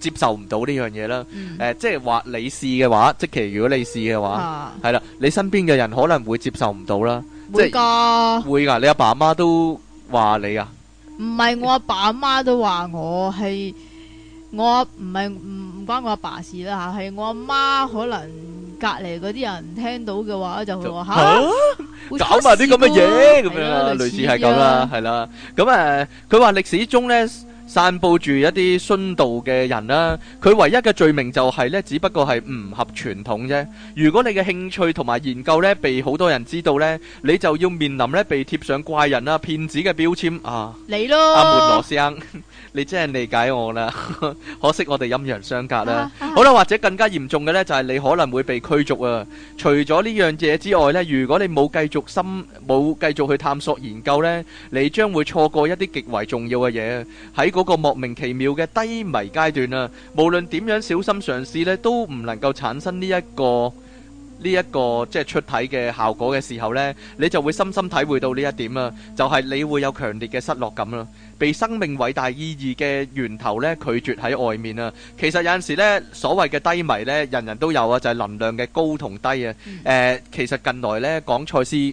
接受唔到呢樣嘢啦，誒，即係話你試嘅話，即其如果你試嘅話，係啦，你身邊嘅人可能會接受唔到啦，會噶，會噶，你阿爸阿媽都話你啊？唔係我阿爸阿媽都話我係，我唔係唔唔關我阿爸事啦吓，係我阿媽可能隔籬嗰啲人聽到嘅話就會話吓，搞埋啲咁嘅嘢，咁樣類似係咁啦，係啦，咁誒，佢話歷史中呢。散布住一啲殉道嘅人啦，佢唯一嘅罪名就係咧，只不過係唔合傳統啫。如果你嘅興趣同埋研究咧，被好多人知道咧，你就要面臨咧被貼上怪人啦、騙子嘅標籤啊。你咯，阿門羅生，你真係理解我啦。可惜我哋陰陽相隔啦。好啦，或者更加嚴重嘅咧，就係你可能會被驅逐啊。除咗呢樣嘢之外咧，如果你冇繼續深，冇繼續去探索研究咧，你將會錯過一啲極為重要嘅嘢喺。嗰個莫名其妙嘅低迷階段啦，無論點樣小心嘗試咧，都唔能夠產生呢一個呢一個即係出體嘅效果嘅時候咧，你就會深深體會到呢一點啦，就係你會有強烈嘅失落感啦，被生命偉大意義嘅源頭咧拒絕喺外面啦。其實有陣時咧，所謂嘅低迷咧，人人都有啊，就係能量嘅高同低啊。誒，其實近來咧講賽斯，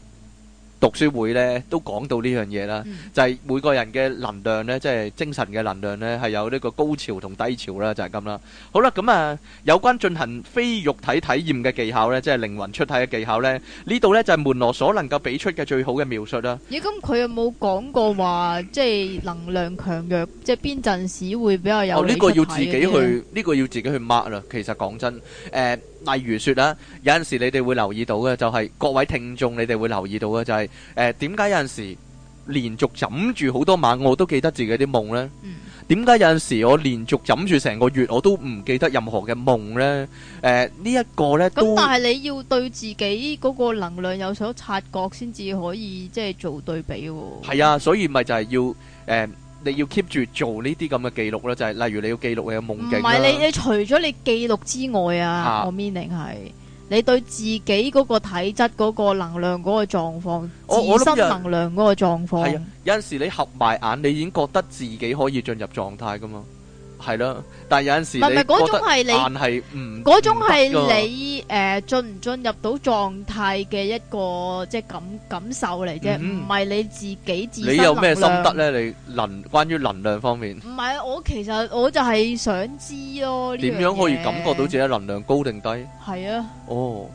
讀書會咧都講到呢樣嘢啦，嗯、就係每個人嘅能量咧，即、就、係、是、精神嘅能量咧，係有呢個高潮同低潮啦，就係咁啦。好啦，咁啊有關進行非肉體體驗嘅技巧咧，即係靈魂出體嘅技巧咧，呢度咧就係、是、門羅所能夠俾出嘅最好嘅描述啦。咦？咁佢有冇講過話，即係能量強弱，即係邊陣時會比較有比？呢、哦呢個要自己去，呢、呢個要自己去抹啦。其實講真，誒、呃。例如說啦，有陣時你哋會留意到嘅，就係、是、各位聽眾你哋會留意到嘅，就係、是、誒，點、呃、解有陣時連續枕住好多晚我都記得自己啲夢呢？點解、嗯、有陣時我連續枕住成個月我都唔記得任何嘅夢呢？誒、呃，呢、這、一個呢？咁，但係你要對自己嗰個能量有所察覺，先至可以即係、就是、做對比、哦。係啊，所以咪就係要誒。呃你要 keep 住做呢啲咁嘅記錄啦，就係、是、例如你要記錄你嘅夢境唔、啊、係，你，你除咗你記錄之外啊，我、啊、meaning 係，你對自己嗰個體質、嗰個能量、嗰個狀況、哦、自身能量嗰個狀況。啊、有陣時你合埋眼，你已經覺得自己可以進入狀態噶嘛。係咯，但係有陣時，唔係嗰種係你，但係唔嗰種係你誒進唔進入到狀態嘅一個即係感感受嚟啫，唔係你自己自身。你有咩心得咧？你能關於能量方面？唔係，我其實我就係想知咯，點樣可以感覺到自己能量高定低？係啊，哦。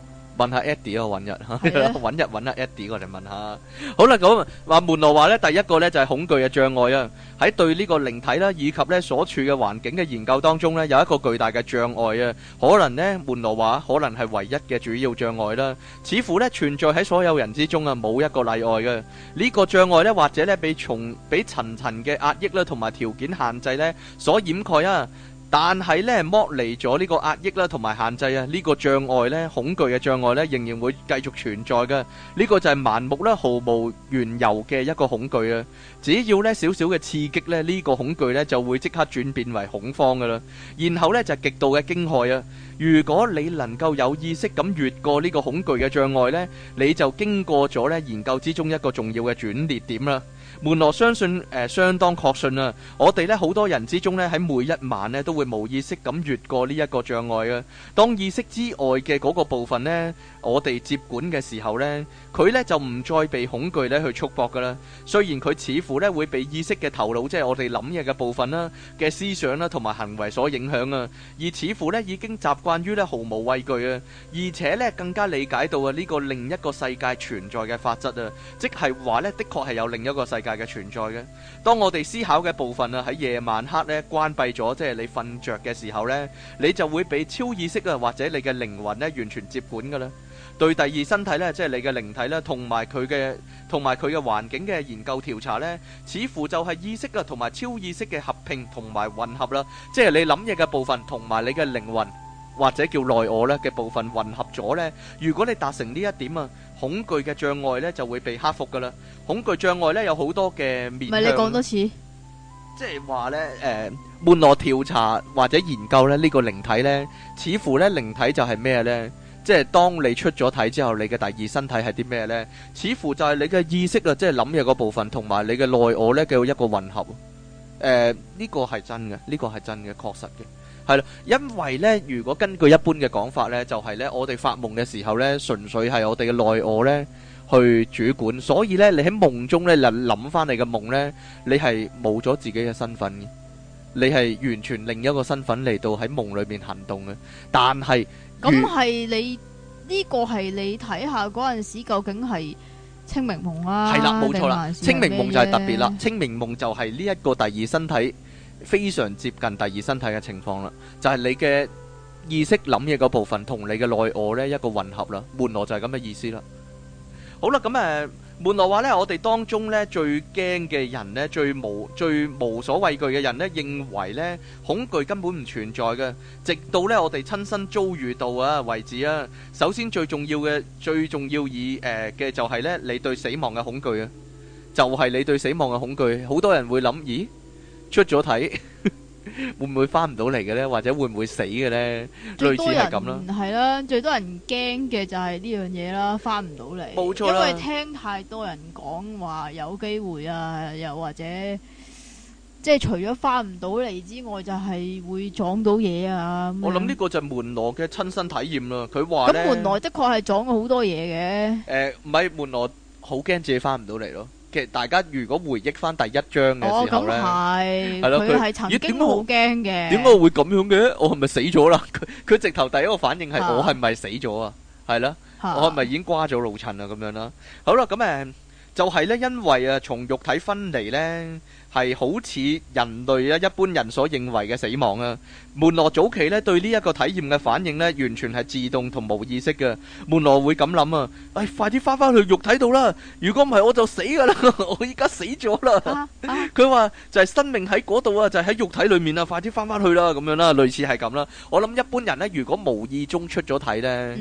問下 Eddie 啊，揾一吓，揾一揾阿 Eddie 過嚟問下。好啦，咁話門羅話咧，第一個咧就係恐懼嘅障礙啊。喺對呢個靈體啦，以及咧所處嘅環境嘅研究當中咧，有一個巨大嘅障礙啊。可能咧門羅話，可能係唯一嘅主要障礙啦。似乎咧存在喺所有人之中啊，冇一個例外嘅。呢個障礙咧，或者咧被從被層層嘅壓抑啦，同埋條件限制咧所掩蓋啊。但係呢，剝離咗呢個壓抑啦，同埋限制啊，呢個障礙呢，恐懼嘅障礙呢，仍然會繼續存在嘅。呢個就係盲目啦，毫無緣由嘅一個恐懼啊！只要呢少少嘅刺激呢，呢個恐懼呢就會即刻轉變為恐慌噶啦。然後呢就極度嘅驚駭啊！如果你能夠有意識咁越過呢個恐懼嘅障礙呢，你就經過咗呢研究之中一個重要嘅轉捩點啦。門羅相信，誒、呃、相當確信啊！我哋咧好多人之中咧，喺每一晚咧都會無意識咁越過呢一個障礙啊！當意識之外嘅嗰個部分咧，我哋接管嘅時候呢，佢呢就唔再被恐懼咧去束縛噶啦。雖然佢似乎呢會被意識嘅頭腦，即係我哋諗嘢嘅部分啦，嘅思想啦同埋行為所影響啊，而似乎呢已經習慣於呢，毫無畏懼啊，而且呢，更加理解到啊呢個另一個世界存在嘅法則啊，即係話呢，的確係有另一個世界嘅存在嘅。當我哋思考嘅部分啊喺夜晚黑呢關閉咗，即係你瞓着嘅時候呢，你就會被超意識啊或者你嘅靈魂呢完全接管噶啦。對第二身體咧，即係你嘅靈體咧，同埋佢嘅同埋佢嘅環境嘅研究調查咧，似乎就係意識啊，同埋超意識嘅合併同埋混合啦。即係你諗嘢嘅部分同埋你嘅靈魂或者叫內我咧嘅部分混合咗咧。如果你達成呢一點啊，恐懼嘅障礙咧就會被克服噶啦。恐懼障礙咧有好多嘅面。唔係你講多次，即係話咧，誒，門羅調查或者研究咧呢個靈體咧，似乎咧靈體就係咩咧？即係當你出咗體之後，你嘅第二身體係啲咩呢？似乎就係你嘅意識啊，即係諗嘢嗰部分，同埋你嘅內我呢，嘅一個混合。誒、呃，呢個係真嘅，呢個係真嘅，確實嘅，係啦。因為呢，如果根據一般嘅講法呢，就係、是、呢，我哋發夢嘅時候呢，純粹係我哋嘅內我呢去主管，所以呢，你喺夢中呢，你諗翻你嘅夢呢，你係冇咗自己嘅身份嘅。你係完全另一個身份嚟到喺夢裏面行動嘅，但係咁係你呢個係你睇下嗰陣時究竟係清明夢啦，係啦，冇錯啦，清明夢就係特別啦，清明夢就係呢一個第二身體非常接近第二身體嘅情況啦，就係你嘅意識諗嘢個部分同你嘅內我呢一個混合啦，門羅就係咁嘅意思啦。好啦，咁誒。門羅話咧，我哋當中咧，最驚嘅人咧，最無最無所畏懼嘅人咧，認為咧，恐懼根本唔存在嘅，直到咧我哋親身遭遇到啊為止啊。首先最重要嘅，最重要以誒嘅、呃、就係咧，你對死亡嘅恐懼啊，就係、是、你對死亡嘅恐懼。好多人會諗，咦，出咗體。 會唔會翻唔到嚟嘅咧？或者會唔會死嘅咧？最多人，類似係咁啦，係啦，最多人驚嘅就係呢樣嘢啦，翻唔到嚟。冇錯，因為聽太多人講話有機會啊，又或者即係、就是、除咗翻唔到嚟之外，就係會撞到嘢啊。我諗呢個就係門羅嘅親身體驗啦。佢話咁門羅的確係撞咗好多嘢嘅。誒、呃，唔係門羅好驚自己翻唔到嚟咯。其實大家如果回憶返第一章嘅時候咧，係咯、哦，佢咦，點解好驚嘅？點解、欸、會咁樣嘅？我係咪死咗啦？佢、佢直頭第一個反應係我係咪死咗啊？係啦的，的我係咪已經瓜咗老襯啊？咁樣啦，好啦，咁、嗯、誒就係咧，因為啊，從肉體分離咧。係好似人類咧，一般人所認為嘅死亡啊！門羅早期咧對呢一個體驗嘅反應咧，完全係自動同無意識嘅。門羅會咁諗啊！唉、哎，快啲翻翻去肉體度啦！如果唔係，我就死㗎啦！我依家死咗啦！佢話、啊啊、 就係、是、生命喺嗰度啊，就喺、是、肉體裏面啊，快啲翻翻去啦咁樣，樣啦，類似係咁啦。我諗一般人呢，如果無意中出咗體呢，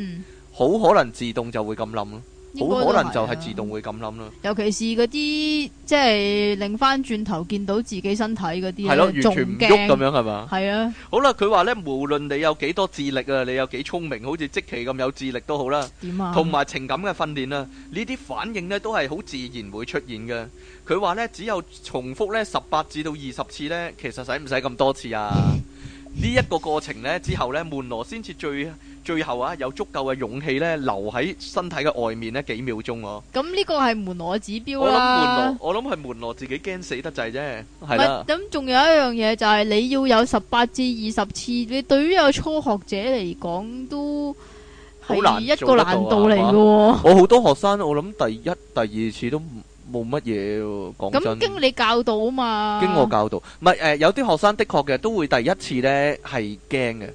好、嗯、可能自動就會咁諗咯。好可能就係自動會咁諗啦，尤其是嗰啲即係擰翻轉頭見到自己身體嗰啲，係咯的，完全唔喐咁樣係嘛？係啊。的好啦，佢話咧，無論你有幾多智力啊，你有幾聰明，好似積奇咁有智力都好啦。同埋、啊、情感嘅訓練啊，呢啲反應咧都係好自然會出現噶。佢話咧，只有重複咧十八至到二十次咧，其實使唔使咁多次啊？ 呢一個過程咧之後咧，門羅先至最最後啊，有足夠嘅勇氣咧，留喺身體嘅外面咧幾秒鐘咯。咁呢個係門羅嘅指標。我諗門羅，我諗係門羅自己驚死得滯啫，係啦。咁仲有一樣嘢就係你要有十八至二十次，你對於有初學者嚟講都係一個難度嚟嘅。我好多學生，我諗第一、第二次都唔。冇乜嘢，講真。咁經你教導啊嘛。經我教導，唔係誒，有啲學生的確嘅都會第一次咧係驚嘅，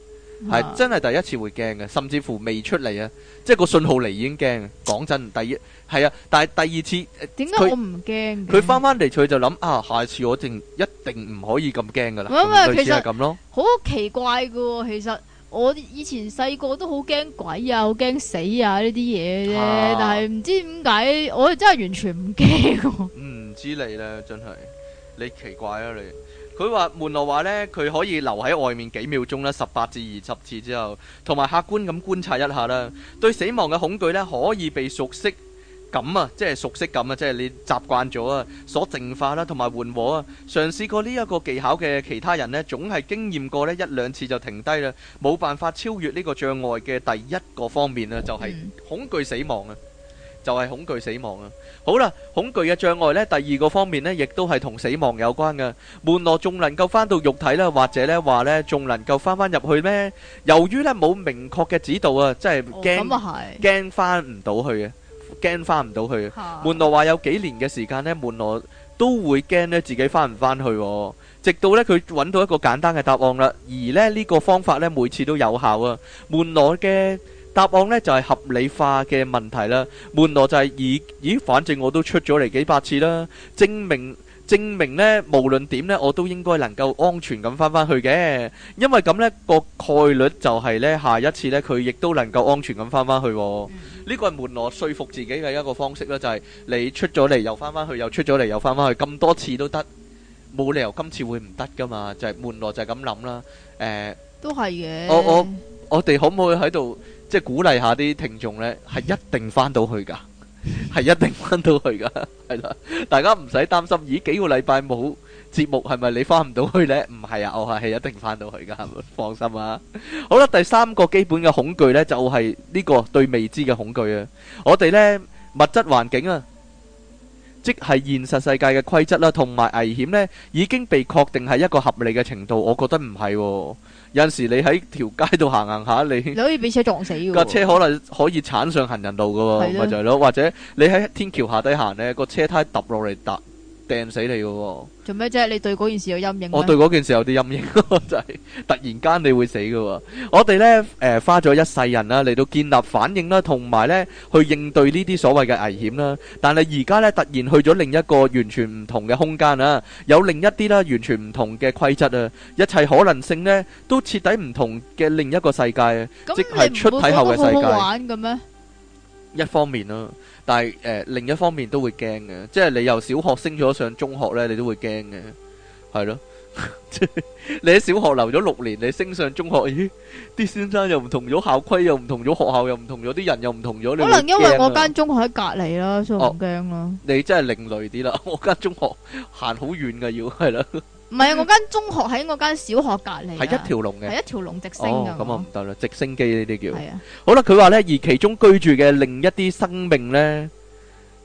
係真係第一次會驚嘅，甚至乎未出嚟啊，即係個信號嚟已經驚。講真，第一係啊，但係第二次，點解我唔驚？佢翻翻嚟，佢就諗啊，下次我定一定唔可以咁驚噶啦。唔係唔係，其實係咁咯，好奇怪噶，其實。我以前細個都好驚鬼啊，好驚死啊呢啲嘢嘅啫。啊、但係唔知點解我真係完全唔驚。唔知你呢，真係你奇怪啊你。佢話門羅話呢，佢可以留喺外面幾秒鐘啦，十八至二十次之後，同埋客觀咁觀察一下啦，對死亡嘅恐懼呢，可以被熟悉。咁啊，即係熟悉咁啊，即係你習慣咗啊，所淨化啦，同埋緩和啊。嘗試過呢一個技巧嘅其他人咧，總係經驗過咧一兩次就停低啦，冇辦法超越呢個障礙嘅第一個方面啦，就係恐懼死亡啊，就係恐懼死亡啊。好啦，恐懼嘅障礙咧，第二個方面咧，亦都係同死亡有關噶。門羅仲能夠翻到肉體咧，或者咧話咧仲能夠翻翻入去咩？由於咧冇明確嘅指導啊，真係驚咁啊，係驚翻唔到去嘅。驚返唔到去。門羅話有幾年嘅時間呢，門羅都會驚呢自己返唔返去，直到呢佢揾到一個簡單嘅答案啦。而呢呢個方法呢，每次都有效啊。門羅嘅答案呢，就係合理化嘅問題啦。門羅就係咦咦，反正我都出咗嚟幾百次啦，證明證明呢無論點呢，我都應該能夠安全咁返返去嘅，因為咁呢個概率就係呢，下一次呢，佢亦都能夠安全咁返返去。嗯呢個係門羅，說服自己嘅一個方式啦，就係你出咗嚟又翻返去，又出咗嚟又翻返去，咁多次都得，冇理由今次會唔得噶嘛，就係門羅就係咁諗啦。誒，都係嘅。我我我哋可唔可以喺度即係鼓勵下啲聽眾呢？係一定翻到去㗎，係一定翻到去㗎，係啦，大家唔使擔心。咦，幾個禮拜冇？節目係咪你翻唔到去咧？唔係啊，我係係一定翻到去噶，係咪？放心啊！好啦，第三個基本嘅恐懼咧，就係呢個對未知嘅恐懼啊！我哋咧，物質環境啊，即係現實世界嘅規則啦，同埋危險咧，已經被確定係一個合理嘅程度。我覺得唔係喎，有陣時你喺條街度行行下，你你可以俾車撞死㗎喎，架車可能可以鏟上行人路㗎喎，咪就係咯，或者你喺天橋下底行咧，個車胎揼落嚟揼。掟死你嘅，做咩啫？你對嗰件事有陰影？我對嗰件事有啲陰影，就係突然間你會死嘅。我哋咧，誒，花咗一世人啦，嚟到建立反應啦，同埋咧去應對呢啲所謂嘅危險啦。但係而家咧，突然去咗另一個完全唔同嘅空間啊，有另一啲啦，完全唔同嘅規則啊，一切可能性咧都徹底唔同嘅另一個世界啊，即係出體後嘅世界。咁你唔會覺得好好玩嘅咩？一方面啦。但係誒、呃、另一方面都會驚嘅，即係你由小學升咗上中學呢，你都會驚嘅，係咯。 你喺小學留咗六年，你升上中學，咦？啲先生又唔同咗，校規又唔同咗，學校又唔同咗，啲人又唔同咗，你可能因為我間中學喺隔離啦，所以唔驚咯。你真係另類啲啦，我間中學行好遠嘅要㗎，係啦。 唔係啊，我間中學喺我間小學隔籬，係一條龍嘅，係一條龍直升啊，咁啊唔得啦，直升機呢啲叫。係啊，好啦，佢話咧，而其中居住嘅另一啲生命咧，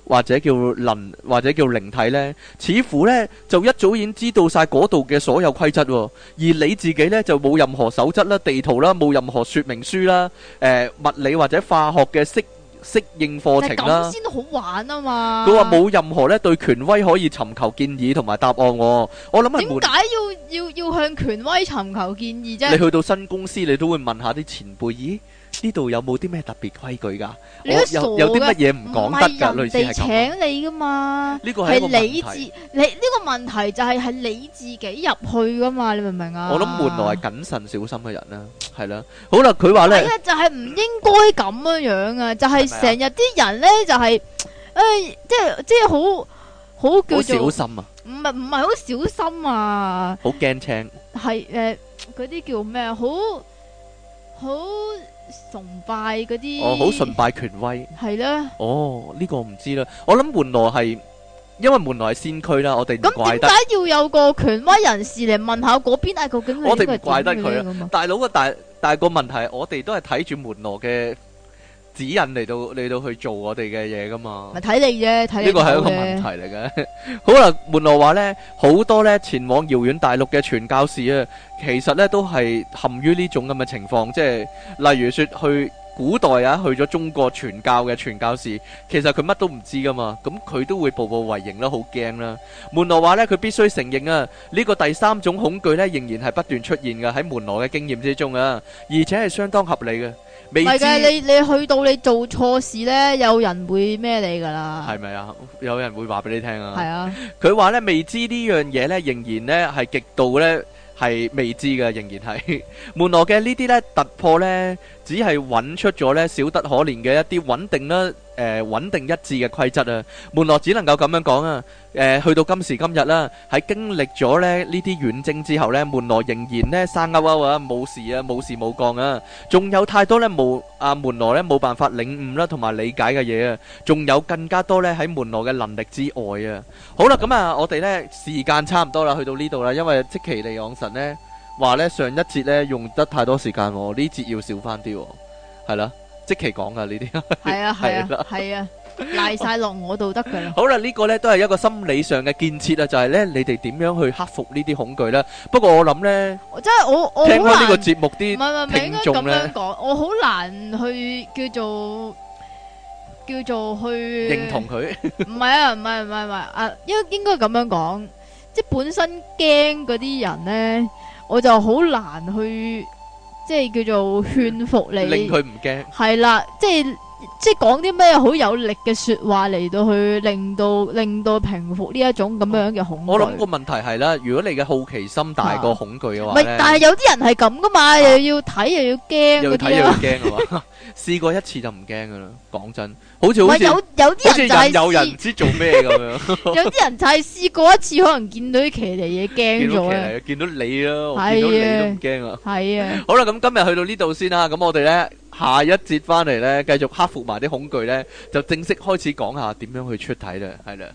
或者叫靈，或者叫靈體咧，似乎咧就一早已經知道晒嗰度嘅所有規則，而你自己咧就冇任何守則啦、地圖啦、冇任何說明書啦、誒物理或者化學嘅識。適應課程啦，咁先好玩啊嘛！佢話冇任何咧對權威可以尋求建議同埋答案，哦，我諗下，點解要要要向權威尋求建議啫？你去到新公司，你都會問下啲前輩。咦呢度有冇啲咩特別規矩噶？有有啲乜嘢唔講得噶？類似係咁。唔係人哋請你噶嘛？呢個係個問題。係你自你呢個問題就係係你自己入去噶嘛？你明唔明啊？我諗門羅係謹慎小心嘅人咧，係啦。好啦，佢話咧，就係唔應該咁樣樣啊！就係成日啲人咧，就係誒，即係即係好好叫做小心啊！唔係唔係好小心啊！好驚青係誒，嗰啲叫咩？好好。崇拜嗰啲，哦，好崇拜權威，係啦呢。哦，呢個我唔知啦。我諗門羅係，因為門羅係先驅啦，我哋唔怪得。咁點解要有個權威人士嚟問下嗰邊係究竟？我哋唔怪得佢啊。大佬個大，大個問題，我哋都係睇住門羅嘅指引嚟到嚟到去做我哋嘅嘢噶嘛？咪睇你啫，睇呢個係一個問題嚟嘅。 好啦，門羅話呢，好多呢，前往遙遠大陸嘅傳教士啊，其實呢都係陷於呢種咁嘅情況，即係例如說去古代啊，去咗中國傳教嘅傳教士，其實佢乜都唔知噶嘛，咁佢都會步步為營啦，好驚啦。門羅話呢，佢必須承認啊，呢、這個第三種恐懼呢，仍然係不斷出現嘅喺門羅嘅經驗之中啊，而且係相當合理嘅。唔係嘅，你你去到你做錯事呢，有人會咩你噶啦？係咪啊？有人會話俾你聽啊？係啊，佢話呢，未知呢樣嘢呢，仍然呢係極度呢，係未知嘅，仍然係 門羅嘅呢啲呢，突破呢。只係揾出咗咧少得可憐嘅一啲穩定啦，誒穩定一致嘅規則啊，門羅只能夠咁樣講啊，誒去到今時今日啦，喺經歷咗咧呢啲遠征之後咧，門羅仍然咧生勾勾啊，冇事啊，冇事冇降啊，仲有太多咧冇啊，門羅咧冇辦法領悟啦，同埋理解嘅嘢啊，仲有更加多咧喺門羅嘅能力之外啊，好啦，咁啊，我哋咧時間差唔多啦，去到呢度啦，因為即其尼昂神咧。話咧上一節咧用得太多時間，呢節要少翻啲，係啦，即期講噶呢啲，係啊係啊係啊，賴晒落我度得噶啦。好啦，呢個咧都係一個心理上嘅建設啊，就係咧你哋點樣去克服呢啲恐懼咧？不過我諗咧，即係我我好難，聽翻呢個節目啲，唔係唔係唔係應該咁樣講，我好難去叫做叫做去認同佢。唔係啊，唔係唔係唔係啊，應應該咁樣講，即係本身驚嗰啲人咧。我就好難去，即係叫做勸服你，令佢唔驚，係啦，即係即係講啲咩好有力嘅說話嚟到去令到令到平復呢一種咁樣嘅恐懼。我諗個問題係啦，如果你嘅好奇心大過恐懼嘅話，係，但係有啲人係咁噶嘛，的又要睇又要驚，又要睇又要驚啊！試 過一次就唔驚噶啦，講真。好似好有有啲人就係有人唔知做咩咁樣， 有啲人就係試過一次，可能見到啲騎呢嘢驚咗啊！見到你咯，的見到你都唔驚啊！係啊！好啦，咁今日去到呢度先啦，咁我哋咧下一節翻嚟咧，繼續克服埋啲恐懼咧，就正式開始講下點樣去出體啦，係啦。